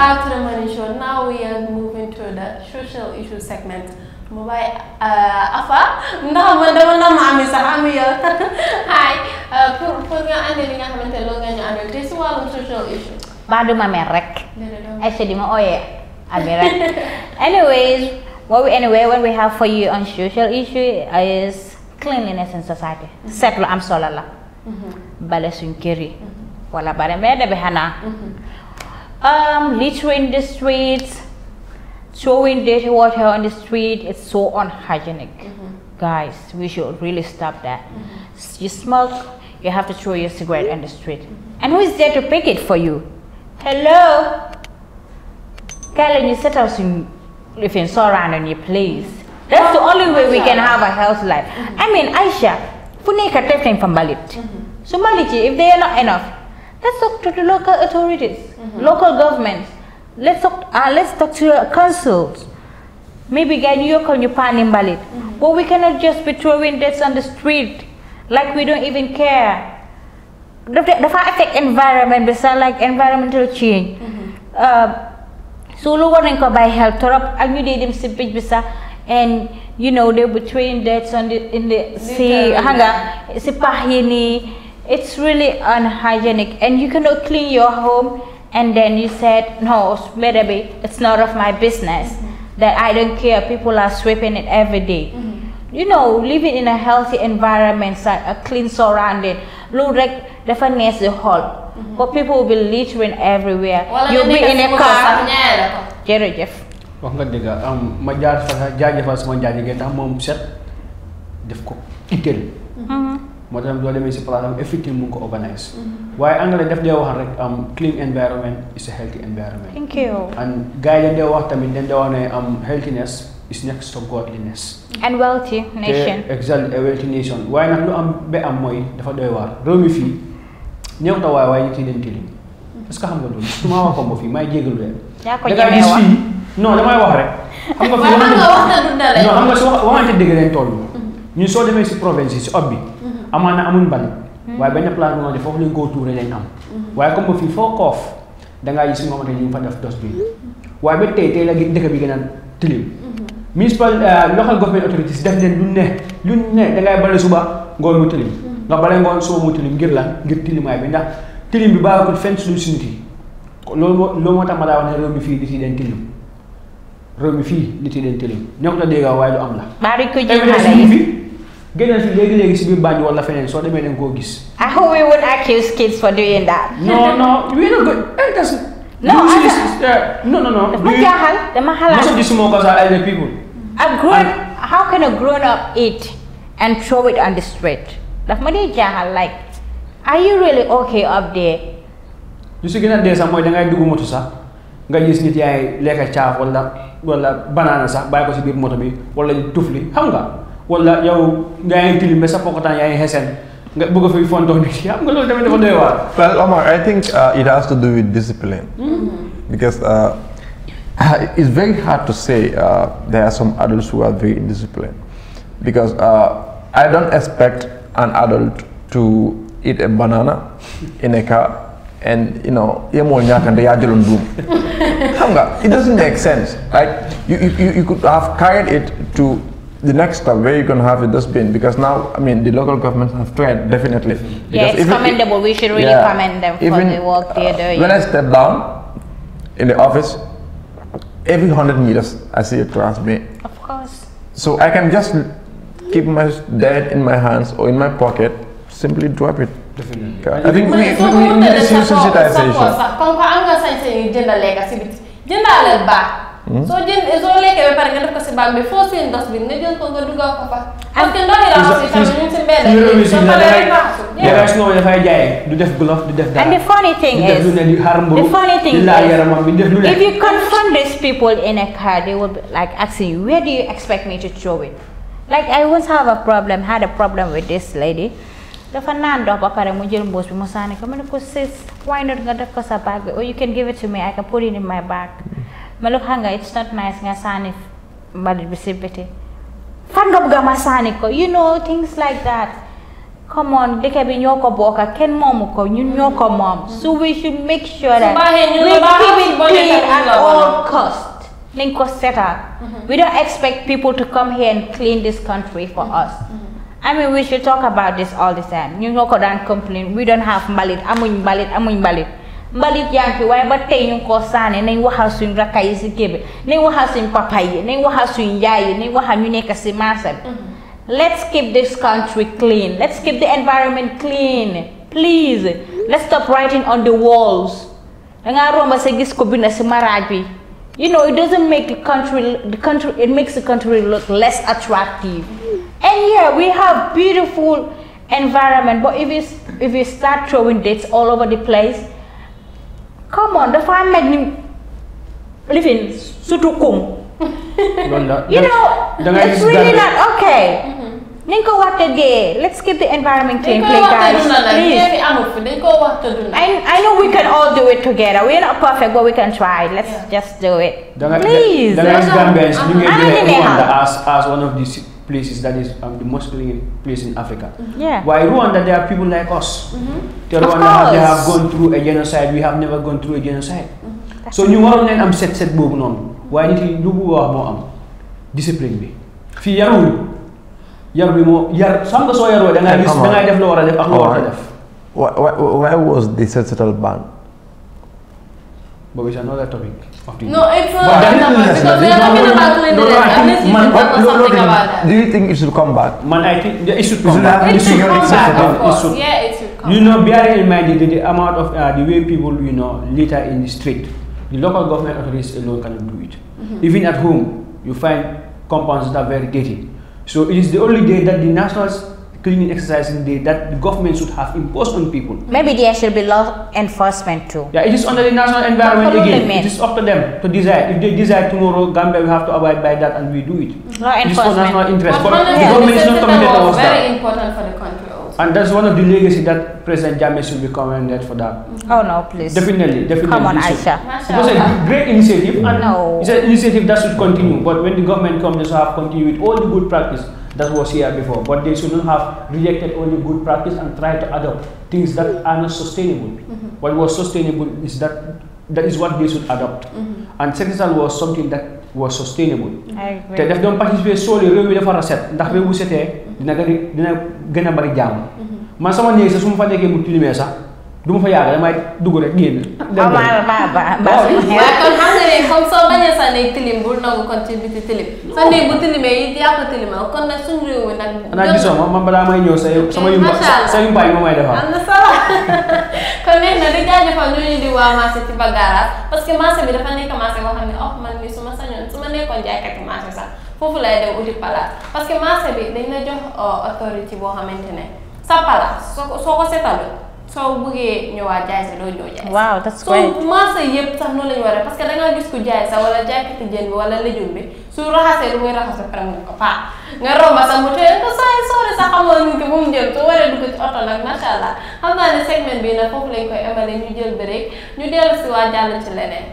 back to the money show. Now we are moving to the social issue segment. Mobile uh, apa? Nah, man dama nam ami sax ya. Hi, pour uh, pour nga andi yang nga xamante ne loolu nga ñu social issue. Ba du ma mer rek. Aycha di ma ooyee Anyways, what we anyway when we have for you on social issue is cleanliness in society. Mm-hmm. Seetlu am solo la. Mm-hmm. Bale suñ kër yi. Mm-hmm. Wala bare mbedd bi xanaa. um, litter in the streets, throwing dirty water on the street. It's so unhygienic. Mm -hmm. Guys, we should really stop that. Mm -hmm. You smoke, you have to throw your cigarette on the street. Mm-hmm. And who is there to pick it for you? Hello? Karen, you set us in living so around on your place. That's the only way we can have a healthy life. Mm-hmm. I mean, Aisha, Funeka Tefting from Malit. Mm-hmm. So Malit, if they are not enough, Let's talk to the local authorities, mm -hmm. local governments. Let's talk. Uh, let's talk to your councils. Maybe get New York on your Imbalit. Mm-hmm. But we cannot just be throwing this on the street like we don't even care. The, the, the affect environment, besides like environmental change. Mm-hmm. Uh, Suluwanan ko by health, torap ang yu dedim simpig and you know they were trained deaths on the in the sea hanga sipahini it's really unhygienic and you cannot clean your home and then you said no maybe it's not of my business mm-hmm. that i don't care people are sweeping it every day. Mm-hmm. you know living in a healthy environment like a clean surrounding look like definitely the hall mm-hmm. but people will be littering everywhere Wala you'll be in a car Jerry Jeff. wax nga dëgg am ma jaar fa jaajëfal sama jaajëge tax moom set def ko itteel moo tax doo demee si place am effective mu ko organise mhm. waaye anglais def dee wax rek am um, clean environment is a healthy environment thank you and gars yi dañ dee wax tamit dañ dee wax ne am um, healthiness is next to godliness and wealthy nation exactly a wealthy nation waaye nag lu am ba am mooy dafa doy waar réew mi fii néew ta waay waaye ci tilim est ce que xam nga loolu su ma waxoon ba fii may jégalu leen yaa ko ñemee wax non damay wax rek xam nga fi waxante dégg leen toll mm-hmm ñu so démé ci province ci obbi mhm. amana amuñ bal mhm. waye baña plan benn def fofu lañ ko touré lañ am mhm. waye comme fi fo foo da nga gis nga ñu fa def dos bi waye ba tay tey la dëkk bi gën tilim municipal eh, local government authority def leen lu neex lu neex da ngay balé suba ngoon mu tilim nga balé ngoon suba mu tilim ngir la ngir tilim ay bi ndax tilim bi baaxul fenn suñu suñu lo mo moo wone rew tax ma mi fii di ci den tilim rew mi fi di ci den tilim ñok la ta way lu am la. bari ko jéem a fi génneel fi léegi léegi si biir bànj wala feneen soo demee leen koo gis. ah we would accuse kids for doing that. non non we not good interest. Eh, non non non non. dafa jaaxal dama xalaat. mos a gis moo ko sax ay people. a grown how can a grown up eat and throw it on the street daf ma dee jaaxal like are you really okay up there. lu si gën a dee sax mooy dangay dugg moto sax nga gis nit yaay lekk caaf wala wala banaana sax bàyyi ko si biir moto bi wala tufli xam nga. wala yow tilim nga bëgg xam nga loolu tamit dafa doy waar. well Omar I think uh, it has to do with discipline. Mm -hmm. because uh, uh, it's very hard to say uh, there are some adults who are very indisciplined because uh, I don't expect an adult to eat a banana in a car and you know yemoo ñaakante yaa jëloon duum xam nga it doesn't make sense like you, you, you could have carried it to the next step where you're going to have it this bin because now i mean the local governments have tried definitely yeah it's commendable it, we should really yeah, commend them for even, the work they're doing when i step down in the office every 100 meters i see a trash bin of course so i can just keep my dead in my hands or in my pocket simply drop it definitely okay. i think we, need to need a sensitization soo jël soo lekkee ba pare nga def ko si baag bi foo seen dos bi nga jël ko nga dugal ko fa. parce que ndox yi la wax si tamit ñu ngi si mbedd. dafay jaay du def glove du def and the funny thing is the funny thing is if you confront these people in a car they will be like asking where do you expect me to throw it. like I once have a problem had a problem with this lady. The Fernando, dox ba pare mu jël mbuus bi mu sànni why not nga def ko sa baag or oh, you can give it to me I can put it in my bag malok it's not nice nga sanif malibisibiti fan nga buga masani ko you know things like that come on deke bi ñoo ko bokk kenn moomu ko ñun ñoo ko so we should make sure that we keep it clean at all cost nañ ko setal mm-hmm. we don't expect people to come here and clean this country for mm-hmm. us mm-hmm. I mean, we should talk about this all the time. You know, didn't complain. We don't have I'm mbalit. I'm Amuñ mbalit ba si kébé si let's keep this country clean let's keep the environment clean please let's stop writing on the walls dangaa romba sa gis ko bind si maraaj bi you know it doesn't make the country the country it makes the country look less attractive and yeah we have beautiful environment but if you if you start throwing dates all over the place Come on, the farm dafa am live in. sutukum. you know, it's really not okay. nañ ko wax let's keep the environment clean guys please I, I know we can all do it together we're not perfect but we can try let's yeah. just do it please places that is um, the most clean place in Africa. Mm-hmm. Yeah. Why Rwanda? There are people like us. Mm-hmm. They, Rwanda have, they have gone through a genocide. We have never gone through a genocide. Mm-hmm. So ñu waroon leen am set set boobu noonu. waaye nit yi lu bu wax am discipline me? fii yarul yar bi moo yar xam nga soo yaroo da ngay gis da def loo war def why was the set settle ban? But we shall know that topic after No, it's uh, a but that is because we are talking about cleanliness. No, no, I think man, but no, no, no. Do you think it should come back? Man, I think yeah, it should come it back. It should come back, of course. yeah, it should come. You know, bearing in mind the, the amount of uh, the way people you know litter in the street, the local government authorities alone cannot do it. Mm -hmm. Even at home, you find compounds that are very dirty. So it is the only day that the national cleaning exercise in that the government should have imposed on people. Maybe there should be law enforcement too. Yeah, it is under the national environment again. It is up to them to decide. If they decide tomorrow, Gambia, we have to abide by that and we do it. Law enforcement. It is for national interest. But, but the yeah. government is not committed towards that. very important for the country also. And that's one of the legacy that President James should be commended for that. Mm -hmm. Oh no, please. Definitely, definitely. Come on, Aisha. It was a great initiative and no. it's an initiative that should continue. But when the government comes, they should have continued all the good practice that was here before. But they should not have rejected only good practice and tried to adopt things that are not sustainable. Mm -hmm. What was sustainable is that that is what they should adopt. Mm -hmm. And Senegal was something that was sustainable. Mm-hmm. te daf doon participer sóoli réew mi dafa raset ndax réew bu setee mm-hmm. dina gën a dina gën a bari jàmm. Mm-hmm. man sama néeg sax su fa nekkee bu tilimee sax fa dugg rek génn. Ah, dem ba oh, tey comme soo bañee sa néeg tilim bul nangu kon ci biti tilim. sa néeg bu tilimee yi yaa ko kon nag suñu réew mi nag. xanaa gisoo ma man balaa may ñëw sa sama yumba sa yumbaay yi ma may defar. kon nee na di jaajëfal ñooñu di waa marché ci Bagara parce que marché bi dafa nekk marché boo xam ne oh man mii su ma sañoon su ma nekkoon jaaykati marché sax foofu lay dem uti palaas parce que bi dañ la jox oh, autorité boo xamante ne sa palaas soo ko soo ko seetalu soo bëggee ñëwaat jaay sa doo ñëw jaay. waaw that's soo marché yëpp sax noonu la ñu war a parce que da gis ku jaay sa wala jaaykati jën bi wala légume bi su raxasee lu muy raxas pare mu ko faa nga romba sax mu teel nga sooy soore sax xamoon nit ki bu mu jël soo waree dugg ci oto nag macha xam naa ne segment bi nag foofu lañ koy amalee ñu jël bëreek ñu dellu si waa jàll ci leneen.